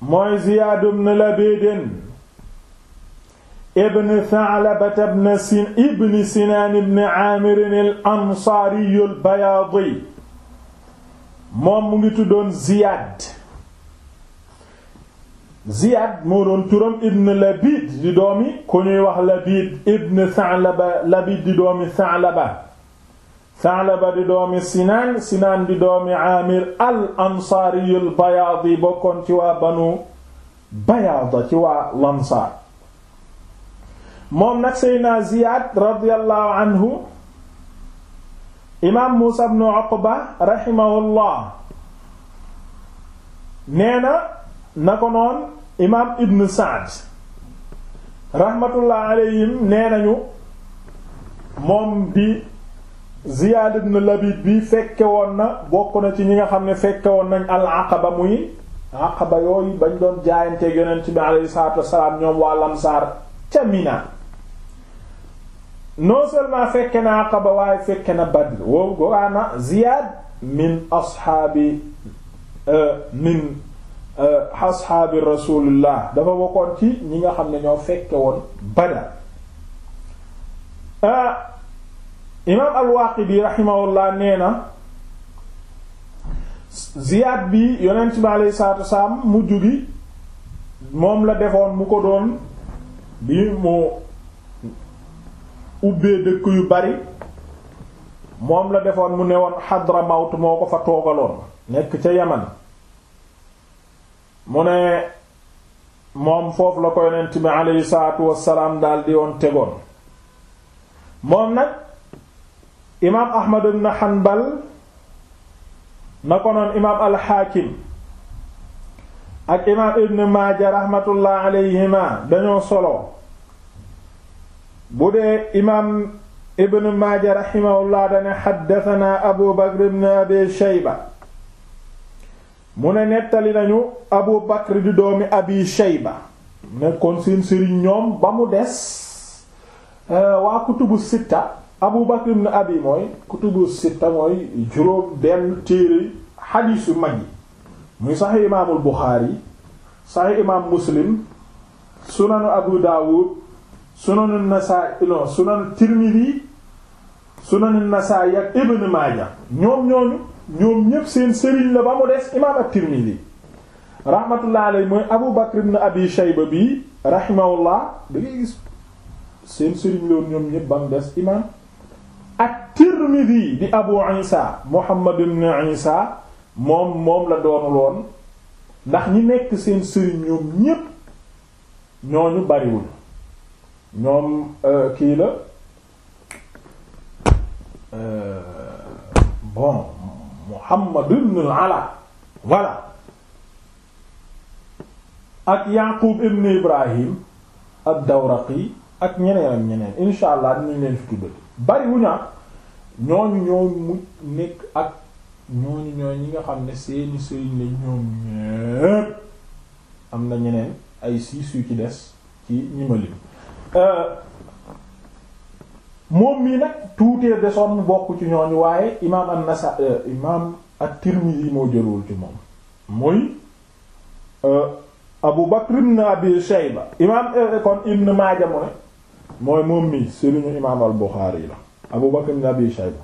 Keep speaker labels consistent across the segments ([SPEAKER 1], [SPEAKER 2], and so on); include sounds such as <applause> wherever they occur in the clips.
[SPEAKER 1] mooy Ziyaad ibn Labiid ibn Sa'laba ibn Sin ibn Sinaan ibn Aamir al-Ansaari al-Bayaadi moom mu ngi tuddoon Ziyaad Ziyaad moo doon turam ibn Labiid di doomi ku ñuy wax Labiid ibn Sa'laba Labiid di doomi Sa'laba Saalaba di doomi Sinaan Sinaan di doomi Aamir al ansaari al bayaadi bokkoon ci waa banu bayaada ci waa lansaar moom nag Seydina Ziyaad radiyallahu anhu imaam Muusa ibn Uqba rahimahullah nee na na ko noon imaam Ibn Saad rahmatullah alayhim nee nañu moom di Ziyaad ibn Labid bi fekke woon na bokk na ci ñi nga xam ne fekke woon nañ al aqaba muy aqaba yooyu bañ doon jaayante geneen ci alayhi salaatu wassalaam ñoom waa Lamsaar ca Mina non seulement fekke na aqaba waaye fekke na Badr woowu gowaana Ziyaad min ashaabi euh, min euh, ashaabi rasulillah dafa bokkoon ci ñi nga xam ne ñoo fekke woon Badr euh, imaam al-Waaqidi rahimahullah nee na ziyaat bi yonent bi alayhi salaatu wasalaam mujj gi moom la defoon mu ko doon bi moo ubbee dëkk yu bari moom la defoon mu newoon Hadramawt moo ko fa toogaloon nekk ca Yaman mu ne moom foofu la ko yonent bi alayhi salaatu wasalaam daal di woon tegoon moom nag imaam ahmad ibn hanbal na ko noon imaam alxaakim ak imaam ibn maaja rahmatullah alayhima dañoo solo bu dee imaam ibn maaja rahimahullah dane xaddatanaa abu bakr ibn abi shayba mu ne nettali nañu abu bakr di doomi abi shayba nekkoon seen sëriñ ñoom ba mu des eh, waa kutubu sitta Abu Bakr ibn Abi mooy kutubu sitta mooy juróom benn téere xadiis yu mag yi muy saxi imaamul Buxaari saxi imaam Muslim sunanu Abu Dawud sunanu Nasaa'i non sunanu Tirmidi sunanu Nasaa'i ak Ibn Maaja ñoom ñoom ñépp seen sëriñ la ba mu des imaam ak Tirmidi rahmatullah mooy Abu Bakr ibn Abi Shayba bi rahimahullah da ngay gis seen sëriñ loolu ñoom ñépp ba mu des imaam at-Tirmidhi di Abu Isa Muhammad ibn Isa moom moom la doonul woon ndax ñi nekk seen sëriñ ñoom ñépp ñooñu bariwul ñoom euh, kii la euh, bon Muhammad ibn al-Ala voilà ak Yaqub ibn Ibrahim ad-Dawraqi ak ñeneen ak ñeneen insha allah dinañ fi tuddati bariwuñu ah ñooñu mu nekk ak ñooñu ñooy ñi nga xam ne seeni sëriñ lañ ñoom ñépp am na ñeneen ay siis yu ci des ci ñimalim euh, moom mii nag tuutee desoon mu bokk ci ñooñu waaye imaam an-Nasa euh, imaam at-Tirmidhi moo jëlul ci moom muy euh, Abu Bakr ibn Abi Shayba imaam kon Ibn Maaja mu mooy moom mi sëriñu imaam al Buxaari la Abu Bakr ibn Abi Shayba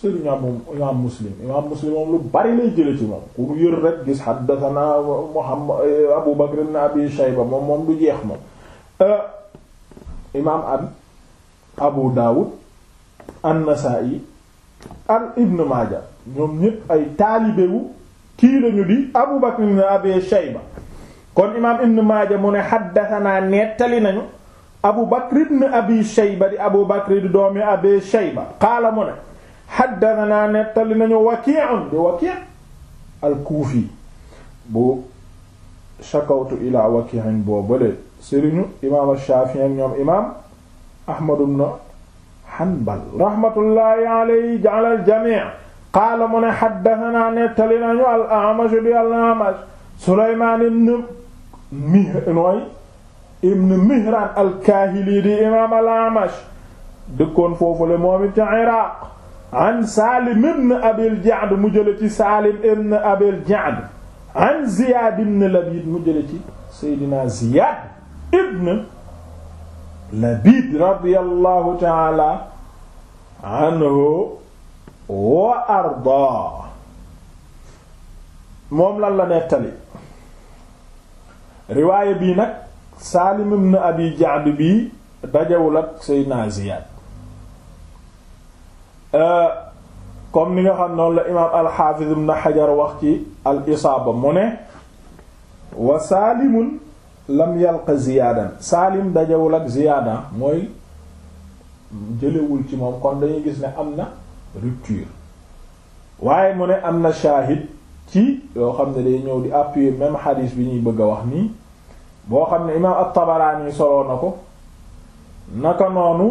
[SPEAKER 1] sëriñu am imaam Muslim imaam Muslim moom lu bari lay jële ci moom ku yër rek gis haddathana Muhammad eh, Abu Bakr ibn Abi Shayba moom moom du jeex moom eh, imaam an Abu Dawud an-Nasa'i an Ibn Maaja ñoom ñépp ay taalibewu kii lañu di Abu Bakr ibn Abi Shayba kon imaam Ibn Maaja mu ne haddathana nettali nañu abu bakr ibn abi shayba di abu bakr di doomi abi shayba qaala mu ne haddathana nettali nañu waki'un di waki' al-kuufi bu shakawtu ila waki'in boobale sëriñu imaam shaafi'i ak ñoom imaam ahmad ibn hanbal rahmatullahi alayhi ja'ala al-jami' qaala mu ne haddathana nettali nañu al-a'mash di al-a'mash sulaymaan ibn mihnooy ibn Mihran al-Kahili di imaam al-Amash dëkkoon foofu le moom it ca Iraq an Salim ibn Abil Ja'd mu jële ci Salim ibn Abil Ja'd an Ziyad ibn Labid mu jële ci Seydina Ziyad ibn Labid radiyallahu ta'ala anhu wa ardaa moom lan la nettali riwaaye bii nag Saalim ibn Abi Ja'd bi dajewul ak Seydina Ziyaad euh, comme ni nga xam noonu la imaam al-Hafiz ibn Hajar wax ci al-Isaaba mu ne wa Saalimun lam yalqa Ziyaadan Saalim dajewul ak Ziyaadan mooy jëlewul ci moom kon dañuy gis ne am na rupture waaye mu ne am na shaahid ci yoo xam ne day ñëw di appuyer même hadith bi ñuy bëgg a wax nii boo xam ne imaam at-Tabaraani soloo na ko naka noonu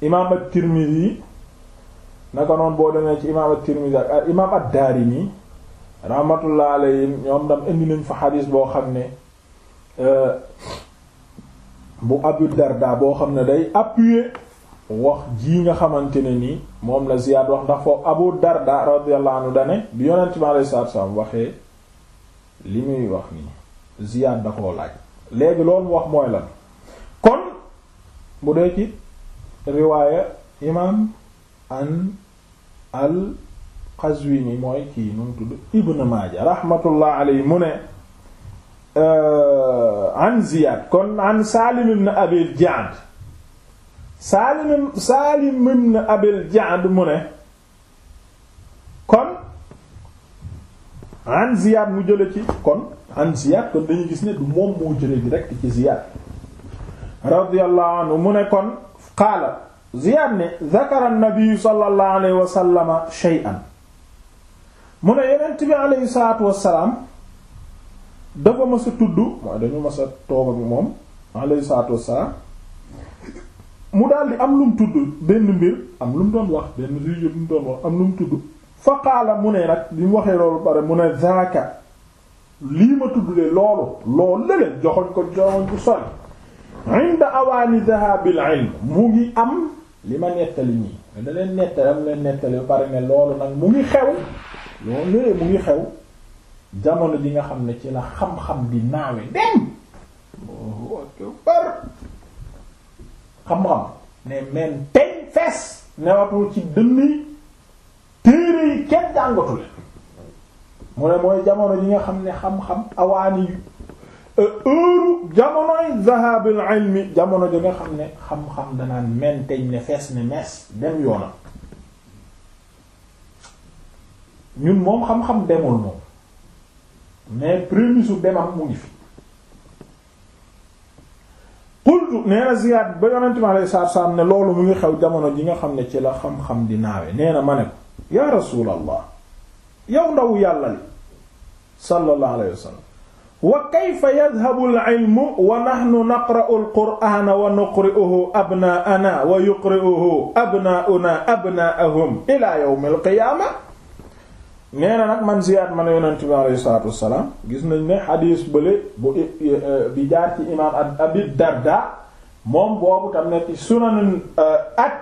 [SPEAKER 1] imaam at-Tirmidhi naka noon boo demee ci imaam at-Tirmidhi ak ah, imaam ad-Daarimi rahmatullah alayhim ñoom dam indi nañ fa xadiis boo xam ne euh, bu Abu Darda boo xam ne day appuyer wax jii nga xamante ne nii moom la Ziyaad wax ndax foofu Abu Darda radiyallahu anhu dane bi yonent bi alayhi salaatu wa salaam waxee li muy wax nii Ziyaad da koo laaj léegi loolu mu wax mooy lan kon bu dee ci riwaaya imaam an al Qazwini mooy kii nu mu tudd Ibn Maaja rahmatullah alayhi mu ne an Ziyaad kon an Saalim Abil Ja'd Saalim Saalim Abil Ja'd mu ne kon an Ziyad mu jële ci kon an Ziyad kon dañuy gis ne du moom moo jële direct ci Ziyad radiyallahu anhu mu ne kon qaala Ziyad ne zakara an-nabi sallallahu alayhi wa sallama shay'an mu ne yonent bi alayhi salaatu wassalaam dafa mës tudd mooy dañu mës a toog ak moom alayhi salaatu wassalaam mu daal di am lum tudd benn mbir am lu mu doon wax benn sujet bu mu doon wax am lu tudd fa qaala mu ne nag li mu waxee loolu bare mu ne zaaka lii ma tuddle loolu loolu la leen joxoñ ko joxoñ ko sori inda awaani dhahabil ilm mu ngi am li ma nettali ñii da leen nettali ba pare ne loolu nag mu ngi xew loolu léegi mu ngi xew jamono ji nga xam ne ci la xam-xam bi naawe dem bar xam-xam ne men teñ fees newatul ci dënn yi téere yi kenn jàngatu leen mu ne mooy jamono ji nga xam ne xam-xam awaani euh, heure jamonoy zahabil ilmi jamono ji nga xam ne xam-xam danaan menteñ ne fees ne mees dem yoonam ñun moom xam-xam demul moom mais prémisse su demam mu ngi fi qultu nee na Ziyaad ba yonente mi alayhi salaatu salaam ne loolu mu ngi xew jamono ji nga xam ne ci la xam-xam di naawe nee ma ne ko yaa rasuulallah yow ndaw yàlla li sallallahu alayhi wa sallam wa kayfa yadhabu al-ilmu wa nahnu naqra'u al-qur'aana wa nuqri'uhu abnaa'anaa wa yuqri'uhu abnaa'unaa abnaa'ahum ilaa yawmi al-qiyaama nee na nag man Ziyaad man yonent bi alayhi salaatu wa salaam gis nañ ne xadiis bële bu eh, eh, bi jaar ci imaam Abi Darda moom boobu tam ne ci Sunan eh, ak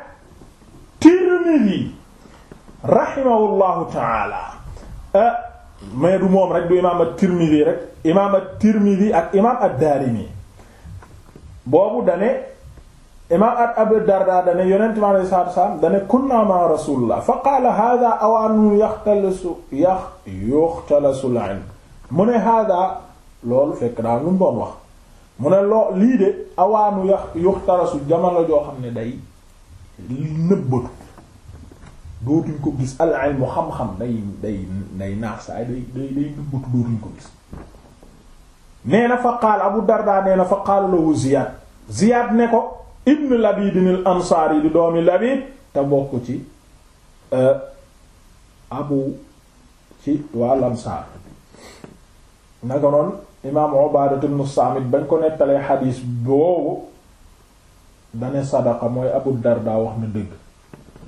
[SPEAKER 1] Tirmidhi rahimahullahu taala ah, mais du moom rek du imaam at-Tirmidhi rek imaam at-Tirmidhi ak imaam ad-Daarimi boobu dane imaam ak Abu Darda dane yonent mi alayhi salaatu wa salaam dane kunna ma rasulullah fa qaala haaza awaanu yaxtalasu yax yuxtalasul ilm mu ne haaza loolu fekk daal lu mu doon wax mu ne loo lii de awaanu yax yuxtalasu jamono joo xam ne day nëbbatu dootuñ ko gis al xam-xam day day naax saay day day day dootuñ ko gis nee na fa qaal abu darda nee na fa qaala lahu ziyad ziyad ne ko ibn labidin al ansaari di doomi labid te bokk ci euh, abu ci waa lansaar naka noonu imaam ubaadatu ibn bañ ko nettalee xadiis boobu dane sadaqa mooy abu darda wax na dëgg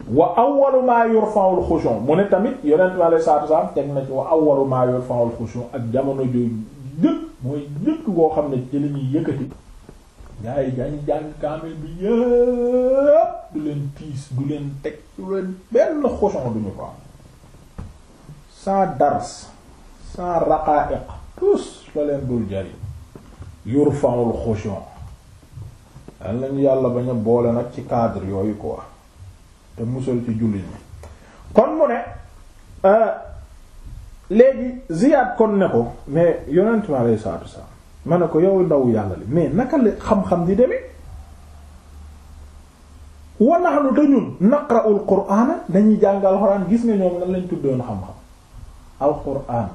[SPEAKER 1] wa awwalu maa yurfa'ul xushu' mu ne tamit yonent bi alayhi salaatu wasallam teg na ci wa awwalu maa yurfa'ul xushu' ak jamono jooju yëpp mooy yëpp boo xam ne ci la ñuy yëkkati gaa yi jàng bi yëpp du leen tiis du leen teg du leen benn xushu' duñu ko am sans dars sans raqaa'iq tous la leen dul jariñ yurfa'ul xushu' yal nañu yàlla bañ a boole nag ci cadre yooyu quoi. te musal ci jullit ñi kon mu ne euh, léegi Ziyad kon ne ko mais yonent mi alayhi salaatu wasalaam ma ne ko yow ndaw yàlla li mais naka la xam-xam di demee wa nahnu te ñun naqra'ul qur'aana dañuy jàng alxuraan gis nga ñoom lan lañ tuddoon xam-xam alxuraan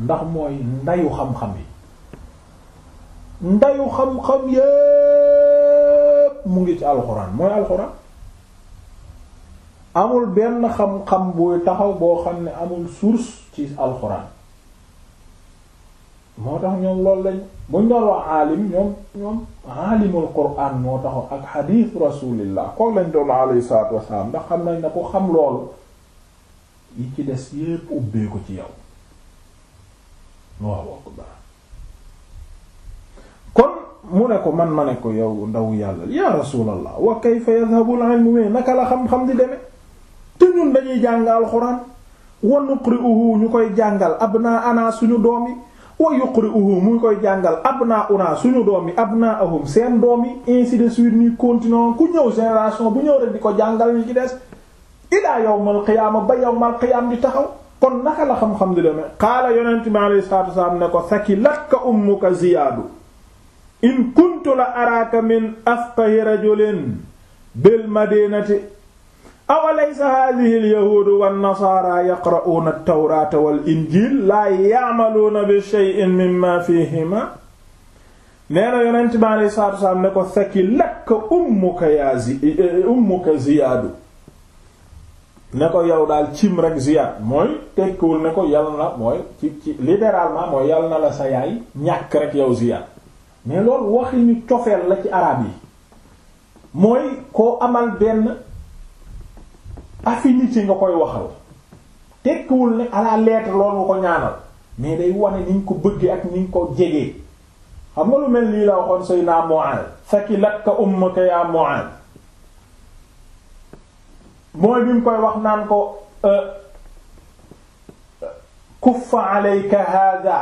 [SPEAKER 1] ndax mooy ndayu xam-xam yi ndayu xam-xam yépp mu ngi ci alxuraan mooy alxuraan amul benn xam-xam buy taxaw boo xam ne amul surs ci alxuraan moo tax ñoom loolu lañ buñ doon wax aalim ñoom ñoom aalimul moo taxaw ak xadiis rasulillah kook lañ doon alayhi salaatu wasalaam ndax xam nañ ne ko xam loolu yi ci des yépp ubbee ko ci yow waaw wokk baax kon mu ne ko man ma ne ko yow ndaw yàlla ya rasulallah wa kayfa yadhabu al-ilm naka la xam-xam di demee ñun ñuy jàng alxuraan wa nuqri'uhu ñu koy jàngal abnaa'ana suñu doom yi wa yuqri'uhu mu koy jàngal abnaa'una suñu doom yi abnaa'ahum seen doom yi ainsi de suite ñuy continuer ku ñëw génération bu ñëw rek di ko jàngal ñu ci des ilaa yawmal qiyaama ba yawmal qiyaam di taxaw kon naka la xam-xam di demee qaala yonent bi salaatu wasalaam ne ko sakilatka ummuka ziyaadu in kuntu la araaka min afqahi rajulin bil madinati awalaysa haadihi alyahuudu wannasaara yaqra'uuna altawraata wal injiil laa ya'maluuna bi shay'in mimma fiihima nee na yonent bi alayhi salaatu wa ne ko sakilatka ummuka yaa zi eh, ummuka ziyaadu ne ko yow daal cim rek ziyaad mooy tekkiwul ne ko yal mooy ci ci littéralement mooy yal la sa yaay ñàkk rek yow ziyaad mais loolu waxi ñu cofeel la ci araab yi mooy koo amal benn affinité nga koy waxal tekkiwul ne à la lettre nga ko ñaanal mais day wane ni ko bëggee ak ni ko jegee xam nga lu mel nii la waxoon say naa Mu'aaz sakilatka ummuka yaa Mu'aaz mooy bi koy wax naan ko euh, kuffa alayka hada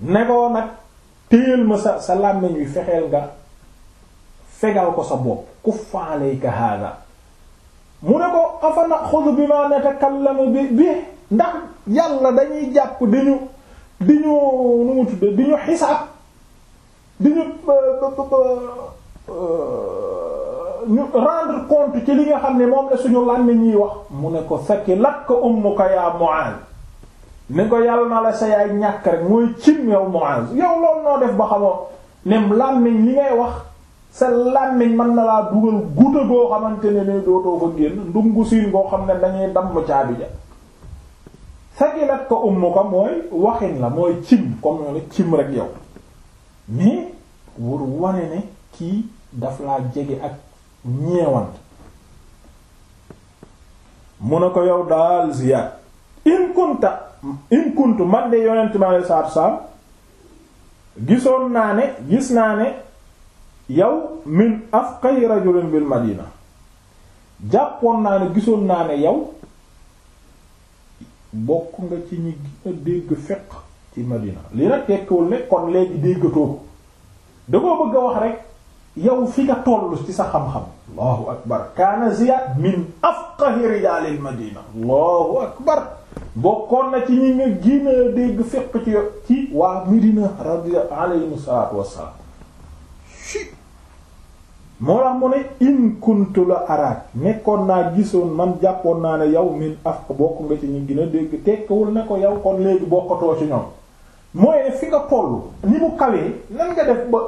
[SPEAKER 1] ne ko nag téyel ma sa sa làmmiñ wi fexeel nga fegal ko sa bopp kuffa alayka hada mu ne ko afa naxudu bi ma natakallamu bi bi ndax yàlla dañuy jàpp di ñu di ñu nu mu tudde di ñu xisaab di ñu euh, euh, euh, ñu rendre compte ci li nga xam ne moom la suñu làmmiñ ñuy wax mu ne ko sakki lakk ummuka yaa Mu'aaz ni ko yàlla na la sa yaay ñàkk rek mooy cim yow Mu'aaz yow loolu noo def ba xamoo nem làmmiñ li ngay wax sa làmmiñ mën na laa dugal guta goo xamante ne ne dootoo ko génn ndungu siin goo xam ne dañuy damm caabi ja sakilat ko ummu ko mooy waxin la mooy cim comme ñoo ne cim rek yow mais wur wane ne kii daf laa jege ak ñeewant mun na ko yow daal ziyaar in kunta man de yonent ma lay saab gisoon naa ne gis naa ne yow min afqay rajulin bil madina jàppoon naa ne gisoon naa ne yow bokk nga ci ñi gën a dégg fiqh ci madina li nag tekkiwul ne kon léegi déggatoo da bëgg a wax rek yow fi nga tollu ci sa xam-xam allahu akbar kaana ziyad min afqahi rijaalil madina allahu akbar bokkoon na ci ñi nga gën a dégg fiqh ci ci waa madina radi alayhim salaatu wassalaam moo tax mu ne in la araak nekkoon naa gisoon man jàppoon naa ne yow min af bokk nga ci ñu gën a dégg tekkiwul ne ko yow kon léegi bokkatoo ci ñoom mooy fi nga tollu ni mu kawee nan nga def ba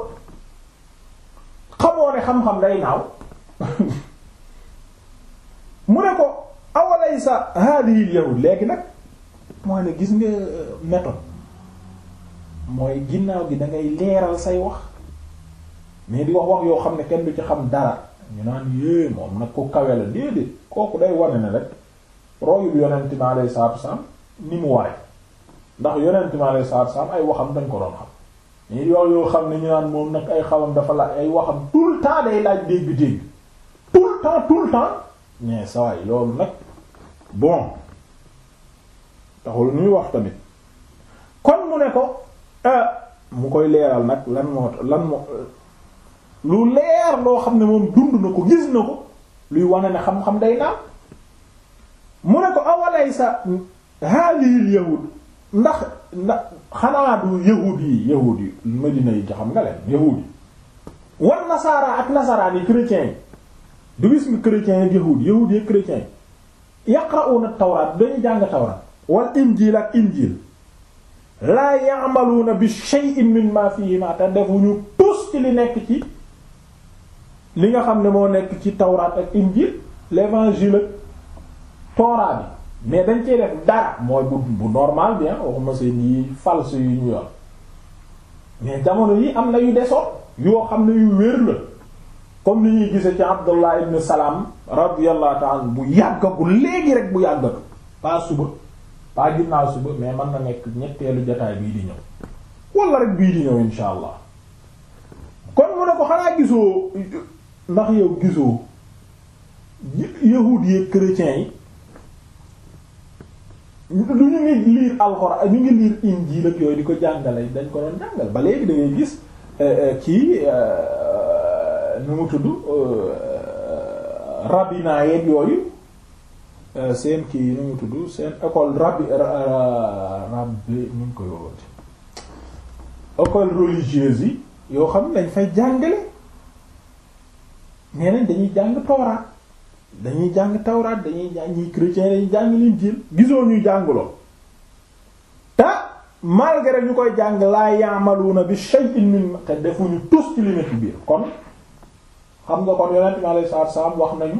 [SPEAKER 1] xamoo ne xam-xam day naaw <laughs> mu ne ko awalaysa haadihi yahud léegi nag mooy ne gis nga euh, méthode mooy ginnaaw gi dangay ngay leeral say wax mais di wax wax yoo xam ne kenn du ci xam dara ñu naan yée moom nag ku kawe la déedéet kooku day wane ne rek royul yonent mi alayhi salaatu wasalaam ni mu ware ndax yonent mi alayhi salaatu wasalaam ay waxam dañ ko doon xam mais yow yoo xam ne ñu naan moom nag ay xawam dafa la ay waxam tout le day laaj dégg-dégg tout le temps tout le temps mais saa yi loolu nag bon taxul ñuy wax tamit kon mu ne ko euh, mu koy leeral nag lan moo lan moo lu leer loo xam ne moom dund na ko gis na ko luy wane ne xam-xam day naan mu ne ko awalaysa haalihil yahud ndax ndax xanaa du yahud yi yahud yi Medina yi xam nga leen yahud yi wan nasaara ak nasaraan yi chrétiens yi du gis nga chrétiens yi yahud yahud yi chrétiens yi yaqra'una tawraat dañu jàng tawraat wal injiil ak injiil laa ya'maluuna bi shay'in mimmaa fiihimaa te defuñu tus ci li nekk ci li nga xam ne moo nekk ci tawraat ak injil l'évangile ak tooraa bi mais dañ cee def dara mooy bu bu normal bien ah, waxuma seen yi false yu ñu yor mais jamono yi am na yu desoon yoo xam ne yu wér la comme ni ñuy gise ci Abdullah ibn salaam radiyallahu ta'ala bu yàggagul léegi rek bu yàggatu pas suba pas ginnaaw suba mais mën na nekk ñetteelu jotaay bii di ñëw wala rek bii di ñëw insha allah kon mu ne ko xanaa gisoo ndax yow gisoo yahuud yi chrétiens yi lu ñu ngi liir alxuraan ñu ngi liir injiil ak di ko jàngale dañ ko doon jàngal ba léegi da ngay gis eh, eh, kii eh, nu mu tudd rabbinaa yeeg yooyu seen kii nu mu tudd seen école rabbi rabbi nu mu koy woote religieuse yi yoo xam ne dañ fay jàngale ñeneen dañuy jàng tawraat dañuy jàng tawraat dañuy jàng ñi chrétien jàng Injiil gisoo ñuy jàng lool te malgré ñu koy jàng laa na bi shay'in min ma defuñu tus ci li nekk biir kon xam nga kon yonent bi alayhi salaatu wax nañu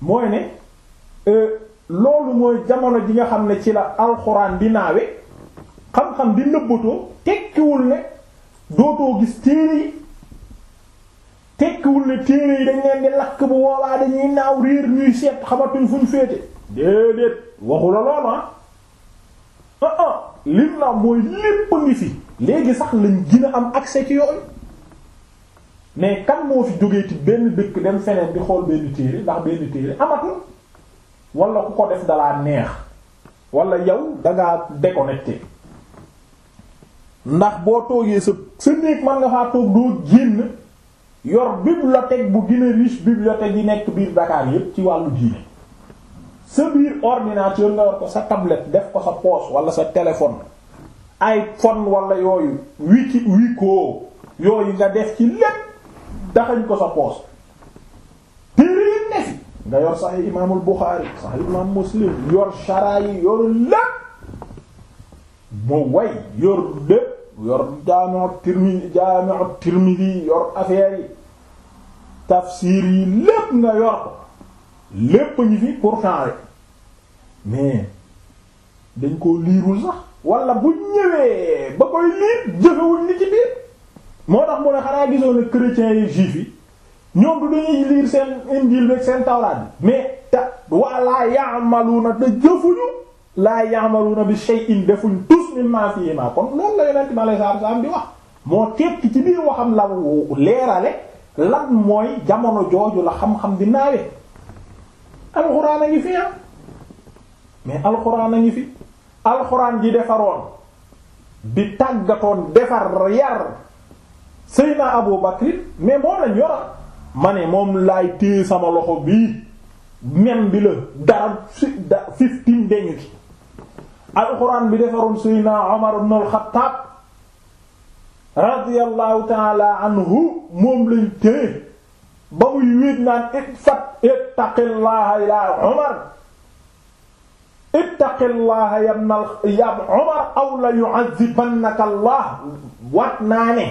[SPEAKER 1] mooy ne euh, loolu mooy jamono ji nga xam ne ci la alxuraan di naawe xam-xam di nëbbatoo tekkiwul ne dootoo gis téere tekkiwul ne téere yi dañ leen di lakk bu boobaa dañuy naaw réer ñuy seet xamatuñ fuñ féete déedéet waxu la loolu ah. Ah, ah, lim la mooy lépp ngi fi léegi sax lañ gën a am accès ci yooyu mais kan moo fi jógee ci benn dëkk dem feneen di xool benn téere ndax benn téere amatul wala ku ko def dalaa neex walla yow dangaa déconnecté ndax boo toogee sa sa néeg man nga faa toog doo génn. yor bibliothèque bu gën a riche bibliothèque yi nekk biir Dakar yépp ci wàllu diine sa biir ordinateur nga war ko sa tablette def ko sa poche wala sa téléphone iPhone wala yooyu wiki wiko yooyu nga def ci lépp daxañ ko sa poche téere yi ne fi nga yor Sahih Imaamul Bukhari Sahih Imaam Muslim yor Shara yor lépp mu way yor lépp yor Jaami'u Tirmidhi Jaami'u Tirmidhi yor affaire tafsir yi lépp nga yor ko lépp ñu fi pourtant rek mais dañ koo liirul sax wala bu ñëwee ba koy liir jëfewuñ ni ci biir moo tax mu ne xanaa gisoo ne chrétiens yi juifs yi ñoom du dañuy liir seen injil ak seen tawraat bi mais te waa laa ya'maluna te jëfuñu laa ya'maluna bi shay'in defuñ tus mimma fihi ma kon loolu la yonent ma lay saar saam di wax moo tekki ci biir waxam la leerale lan mooy jamono jooju la xam-xam di naawee alxuraan a ngi fi ah mais alxuraan a ngi fi alxuraan ji defaroon bi tàggatoon defar yar Seydina Abu Bakr mais moo lañ yora ma ne moom laay téye sama loxo bii même bi la dara fifteen dañu ci alxuraan bi defaroon Seydina Omar ibn al-Khattab radiyallahu taala anhu moom lañ téye ba muy wéet naan itfat ittaqillaha ila Umar ittaqillaha yabnal yab Umar aw la yu'adhibannaka Allah wat naa ne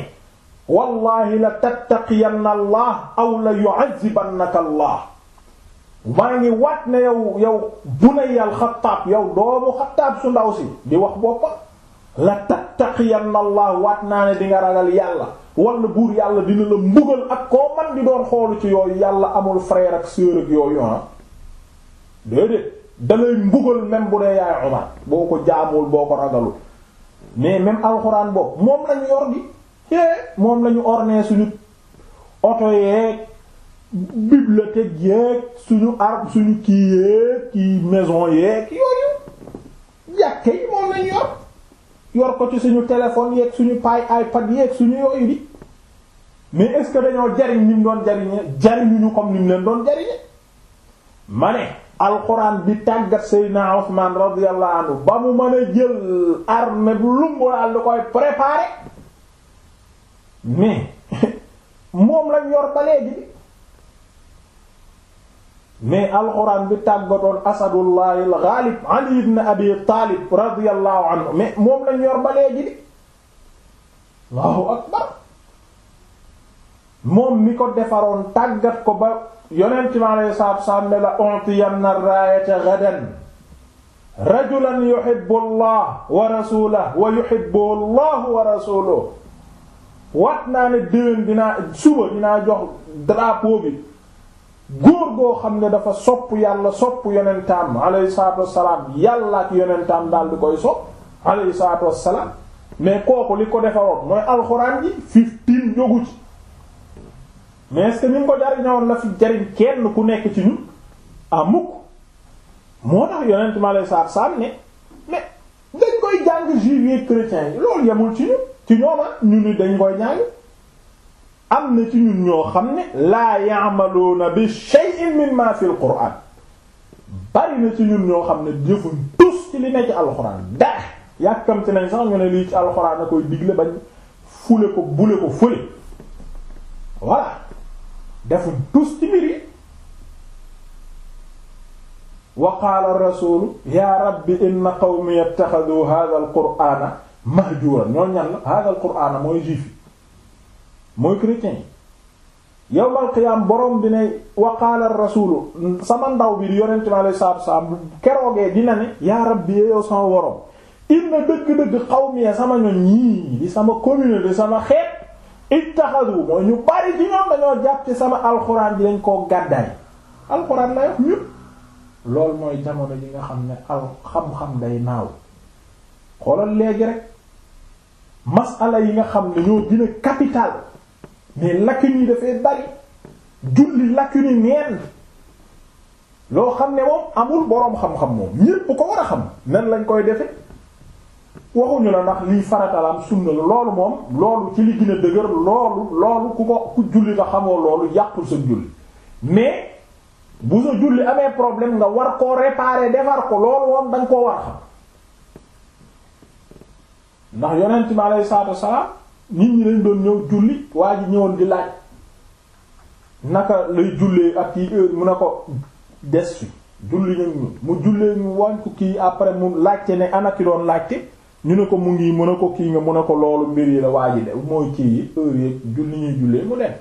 [SPEAKER 1] wallahi la tattaqiyanna Allah aw la yu'adhibannaka Allah maa ngi wat ne yow yow bunayal Xattaab yow doomu Xattaab su ndaw si di wax boppam la tattaqiyanna allah waat naa ne di nga ragal yàlla wala buur yàlla dina la mbugal ak koo man di doon xoolu ci yooyu yàlla amul frère ak sœur ak yooyu ah déedéet dalay mbugal même bu dee yaay Umar boo ko jaamuwul boo ko ragalul mais même alxuraan boobu moom lañu yor lañu ornee suñu oto yeeg bibliothèque yeeg suñu arbre suñu kii yeeg kii maison yeeg yooyu yor ko ci suñu téléphone yeeg suñu paay iPad yeeg suñu yooyu di mais est-ce que dañoo jariñ ni mu doon jariñe jariñuñu comme ni mu leen doon jariñe ma ne alxuraan bi tàggat Seydina Usmaan radiyallahu anhu ba mu mën a jël arme bu lumboraal lu koy préparer mais <laughs> moom lañ yor ba léegi mais alxuraan bi tàggatoon asadullahi alxaalib ali ibn abi taalib radiyallahu anhu mais moom lañ yor ba léegi di allahu akbar moom mi ko defaroon tàggat ko ba yonent mi alayhi salaatu wasalaam ne la ontiyanna raayata gadan rajulan yuhibbu allah wa rasulahu wa yuhibbuhu allah wa rasuluhu waat naa ne déwén dinaa suba dinaa jox drapeau bi góor goo xam ne dafa sopp yàlla sopp yonentam alayhi salaatu wassalaam yàlla ak yonentam daal di koy sopp alayhi salaatu wassalaam mais kooku li ko defaroon mooy alxuraan ji fifteen jógu ci mais est-ce que ni nga ko jariñoon la fi jariñ kenn ku nekk ci ñun amuk ah, moo tax yonent mi alayhi salaatu wassalaam ne mais dañ koy jàng juif chrétien yi loolu yemul ci ñun ci ñooma ah, ñu ni dañ koy jàng am na ci ñun ñoo xam ne laa ya'maluuna bi shay'in mimma fil qur'aan bari na ci ñun ñoo xam ne jëfuñ tus ci li ne ci alxuraan dara yàkkamti nañ sax ñu ne lii ci alxuraan na koy digle bañ fule ko bule ko fule voilà defuñ tus ci mbir yi wa qaala rasuulu yaa rabbi inna qawmi ittaxaduu haadha al qur'aana ñoo ñan la haadha al qur'aana mooy mooy chrétien yi yowmal qiyaam borom bi ne waqaala rasulu sama ndaw bi di yonente mi alei salatu salaam keroogee dina ne yaa rabbi yow sama borom inna dëgg-dëgg xawmiya sama ñoñ ñii di sama communauté sama xeet ittaxadu mooy ñu bari ci ñoom dañoo jàpp ci sama alxuraan ji dañ koo gàddaay alxuraan lay wax ñun loolu mooy jamono ji nga xam ne al xam-xam day naaw xoolal léegi rek masala yi nga xam ne ñoo gën capital mais lacune yi dafay bari julli lacune yi neen loo xam ne moom amul boroom xam-xam moom ñépp ko war a xam nen lañ koy defe waxuñu la ndax lii faratalaam sunna la loolu moom loolu ci li gën dëgër loolu loolu ku ko ku julli nga xamoo loolu yàqul sa julli mais bu sa julli amee problème nga war koo réparer defar ko loolu moom da koo war a xam ndax yonent mi alayhi salaatu salaam nit ñi dañ doon ñëw julli waa ji di laaj naka lay jullee ak yi heure mu ne ko des fi julli ñag ñu mu jullee ñu wañ ko kii après mu laajte ne ana ki doon laajte ñu ne ko mu ngi mu ne ko kii nga mu ne ko loolu mbir yi la waa ji de mooy kii yi heure yi julli ñuy jullee mu leen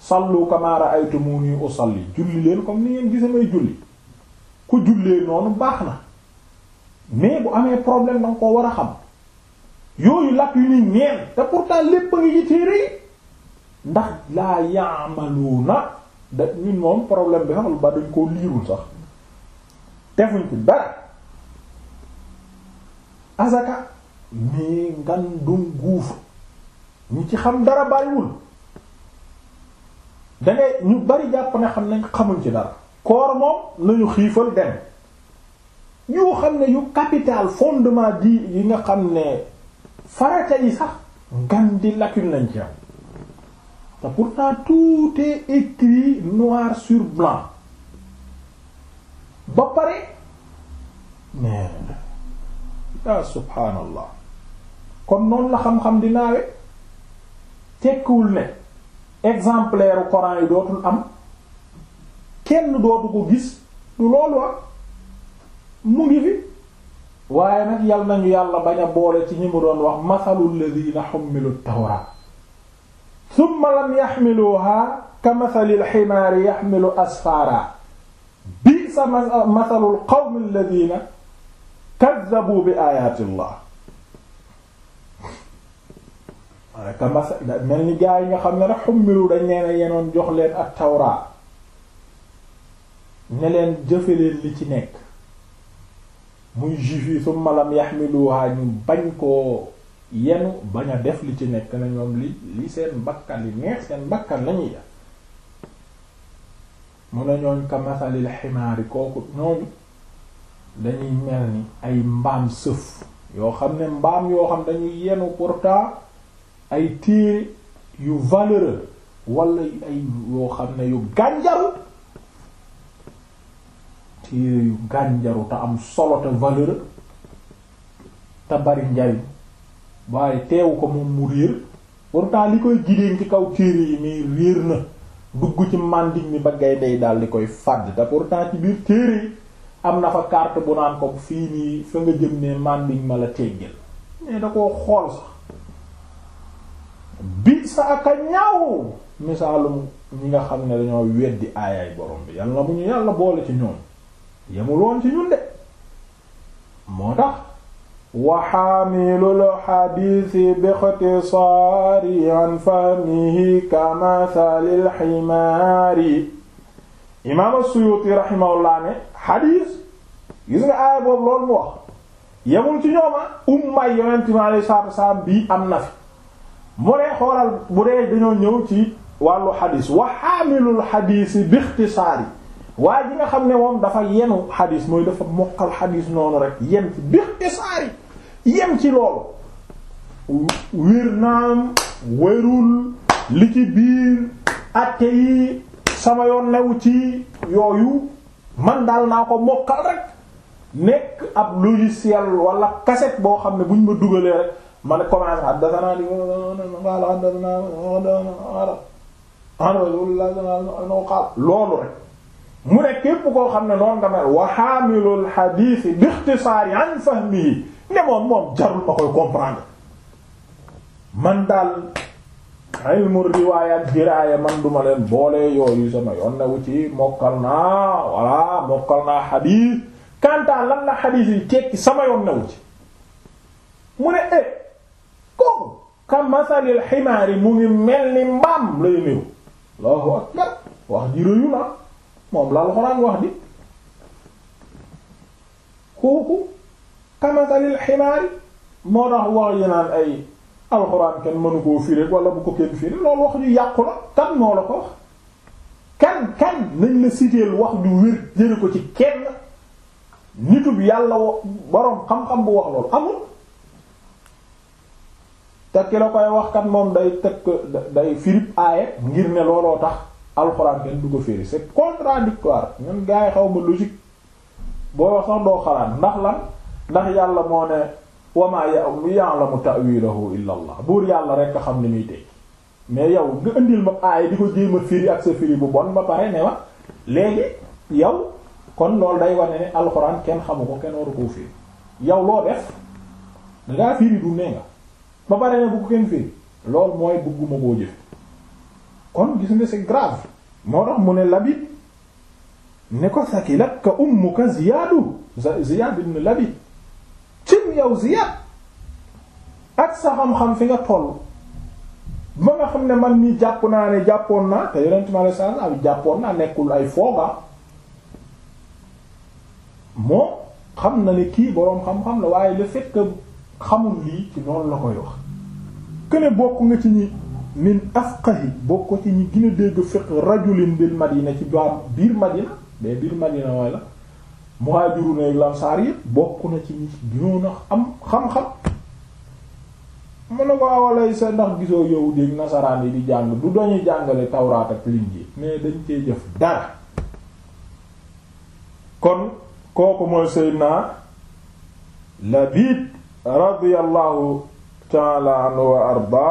[SPEAKER 1] sallu kama ra'aytumuni usalli julli leen comme ni ngeen gise may julli ku jullee noonu baax na mais bu amee problème danga ko war a xam yooyu làkk yu ni neen te pourtant lépp a ngi ci téere ndax laa yaamaluuna da ñun moom problème bi xamul ba dañ koo liirul sax defuñ ko dara azaka mii ngan dum guuf ci xam dara bàyyiwul dangay ñu bari jàpp ne xam nañ xamuñ ci dara koor moom nañu xiifal dem yoo xam ne yu capital fondement di yi nga xam ne farata yi sax ngan di lacune lañ ci am te pourtant tout est écrit noir sur blanc ba pare mais ya ah, subhaanallah kon noonu la xam-xam di naawe tekkiwul ne exemplaire u Coran dootul am kenn dootu ko gis du loolu wa ah. mu ngi fi waaye nag yal nañu yàlla bañ a boole ci ñi mu doon wax masalul ladina xummilu tawraat summa lam yaxmiluha ka masalil ximaari yaxmilu asfaara bi sa masalul qawmi alladina kaddabu bi ayatillah waaye ka masa mel ni gaa yi nga xam ne rek xummilu dañ neena yenoon jox leen ak tawraat ne leen jëfe leen li ci nekk muy juif yi summa lam yaxmiluha ñu bañ koo yenu bañ a def li ci nekk na ñoom li li seen bakkan li neex seen bakkan lañuy def mu ne ñooñ ka masalil ximaari kooku ñooñu dañuy mel ni ay mbaam sëf yoo xam ne mbaam yoo xam dañuy yenu pourtant ay téere yu valeureux wala ay yoo xam ne yu gànjal téere yu gànjaru te am solo te valeur te bari njariñ waaye teewu ko moom mu réer pourtant li koy gidéen ci kaw téere yi muy réer na dugg ci màndik mi ba gaynde yi daal di koy fàdd te pourtant ci biir téere yi am na fa carte bu naan ko fii nii fa nga jëm ne màndik ma la teggeel mais da koo xool sax bi sa aka ñaaw misaalum ñi nga xam ne dañoo weddi aayaay borom bi yàlla bu ñu yàlla boole ci ñoom yemul woon ci ñun de moo tax wa xaamilul xadiisi bi ixtisaari an fahmihi kamathalil ximaari imaam as-Suyuuti rahimahullah ne xadiis gis nga aaya boobu loolu yemul ci ñooma ah, ummay yonent mi alayhi salaatu wasalaam bii am na fi mu dee xoolal bu dee dañoo ñëw ci wàllu xadiis wa xaamilul xadiisi bi ixtisaari waaye ji nga xam ne moom dafa yenu xadis mooy dafa mokkal xadis noonu rek yem ci biir isaari yem ci loolu wiir naam wérul li ci biir atte yi sama yoon new ci yooyu man daal naa ko mokkal rek nekk ab logiciel wala kaset boo xam ne bu ñu ma dugalee rek ma ne commencé loolu rek mu ne képp koo xam ne noonu nga mel wa xaamilul xadiisi bi ixtisaari an fahmihi ne moom moom jarul ma koy comprendre man daal ilmu riwaaya ak diraaya man duma leen boole yooyu sama yoon na wu ci mokkal naa walla mokkal lan la xadiis yi tekki sama yoon na wu ci mu ne e kooku ka masalil ximaari mu ngi mel ni mbaam lay néew allahu akbar wax ji rëyu na moom la alxuraan wax di kooku kamatalil ximaari moo tax wax yi naan ay alxuraan kenn mënu koo firi wala bu ko kenn firi loolu wax ju yàqu la kan moo la ko wax kan kan nañ la siteel wax ju wér jële ko ci kenn nitub yàlla wo boroom xam-xam bu wax loolu amul te ki la koy wax kat moom day teg day firib aaye ngir ne looloo tax alxuraan kenn du ko firi c'est contradictoire ñun gars yi xaw ma logique boo wax sax ndax la ndax yàlla moo ne wama ya'lamu ta'wilahu illa allah buur yàlla rek xam ni muy teg mais yow nga indil ma aaya di ko jéem firi ak sa firi bu bon ba pare ne wa léegi yow kon loolu day wane ne alxuraan kenn xamu ko kenn waru koo firi yow loo def dangaa firi du nga ba pare ne bu ko kenn firi loolu mooy bëgguma koo jëf kon gis nga c'est grave moo tax mu ne Labid ne ko sakilat ka ummuka Ziyaadu Ziyaad ibn Labid cim yow Ziyaad ak sa xam-xam fi nga toll ba nga xam ne man mii jàpp naa ne jàppoon naa te yonent mi alayhi salaam abi jàppoon naa nekkul ay fooga moom xam na ne kii boroom xam-xam la waaye le fait que lii ci noonu la koy wax que bokk nga ci ñi min afqahi bokk ci ñi gën a dégg fiqh rajulin bil madina ci ba biir madina mais biir madina mooy la muhajiruna ak lamsaar yëpp bokk na ci ñi gënoon a am xam-xam mu ne ko awalay sa ndax gisoo yow dégg nasaraan yi di jàng du dañuy jàngale tawraat ak linjiil mais dañ cee jëf dara kon kooku mooy seydna Labiid radiyallahu ta'ala anhu wa arda